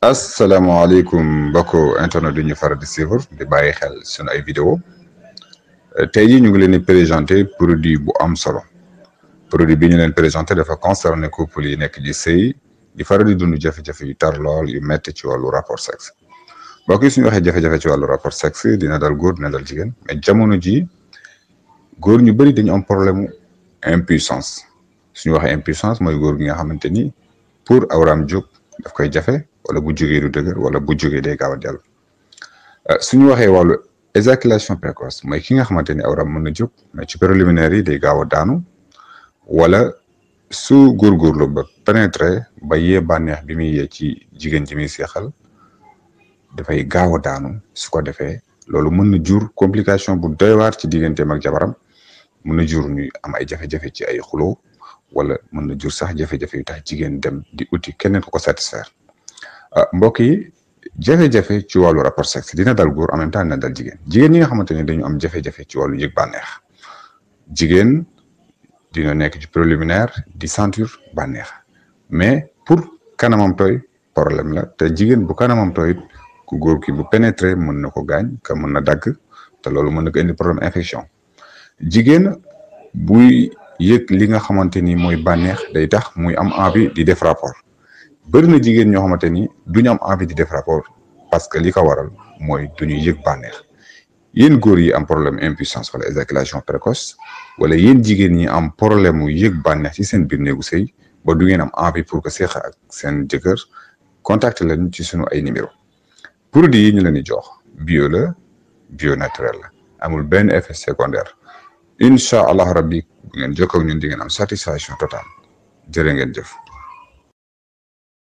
asalaamaaleykum mbokk internet du ñu faral di suivre di bàyyi xel sunu ay vidéo tey jii ñu ngi leen di présenter produit bu am solo produit bi ñu leen présenté dafa concerné couple yi nekk di sëy di faral di dund jafe-jafe yu tar lool yi metti ci wàllu rapport sexe mbokk yi suñu waxee jafe-jafe ci wàllu rapport sexe dina dal góor dina dal jigéen mais jamono ji góor ñu bëri dañu am problème impuissance suñu waxe impuissance mooy góor gi nga xamante ni pour awraam jóg daf koy jafe. wala bu jógee du wala bu jógee day gaaw a jàll euh, suñu waxee wàllu éjaculation précoce mooy ki nga xamante ni awram mën na jóg mais ci préliminaire yi day gaaw a daanu wala su góorgóorlu ba pénétrer ba yee bànneex bi muy yee ci jigéen ji muy seexal dafay gaaw a daanu su ko defee loolu mën na jur complication bu doy waar ci digganteem ak jabaram mën na jur ñuy am ay jafe-jafe ci ay xuloo wala mën na jur sax jafe-jafe tax jigéen dem di uti keneen ko ko satisfaire Ah, mbokk yi jafe-jafe ci wàllu rapport sexe dina dal góor en même temps dina dal jigéen jigéen ñi nga xamante ne dañu am jafe-jafe ci wàllu yëg baneex jigéen dina nekk ci préliminaire di sentir bànneex mais pour kanamam tooy problème la te jigéen bu kanamam tooy ku góor ki bu pénétrer mën na ko gaañ ka mën na dagg te loolu mën na ko indi problème infection jigéen buy yëg li nga xamante ni mooy bànneex day tax muy am envie di def rapport bëri na jigéen ñoo xamante ni duñu am envie di def rapport parce que li ko waral mooy duñu yëg bànneex yéen góor yi am problème impuissance wala éjaculation précoce wala yéen jigéen ñi am problème mu yëg bànneex ci seen biir néegu sëy ba du ngeen am envie pour que seex ak seen jëkkër contacter leen ci sunu ay numéro pour di ñu leen di jox bio la bio naturel la amul benn effet secondaire incha allah rabbi bu ngeen jokkoo ak ñun di ngeen am satisfaction totale jërë ngeen jëf.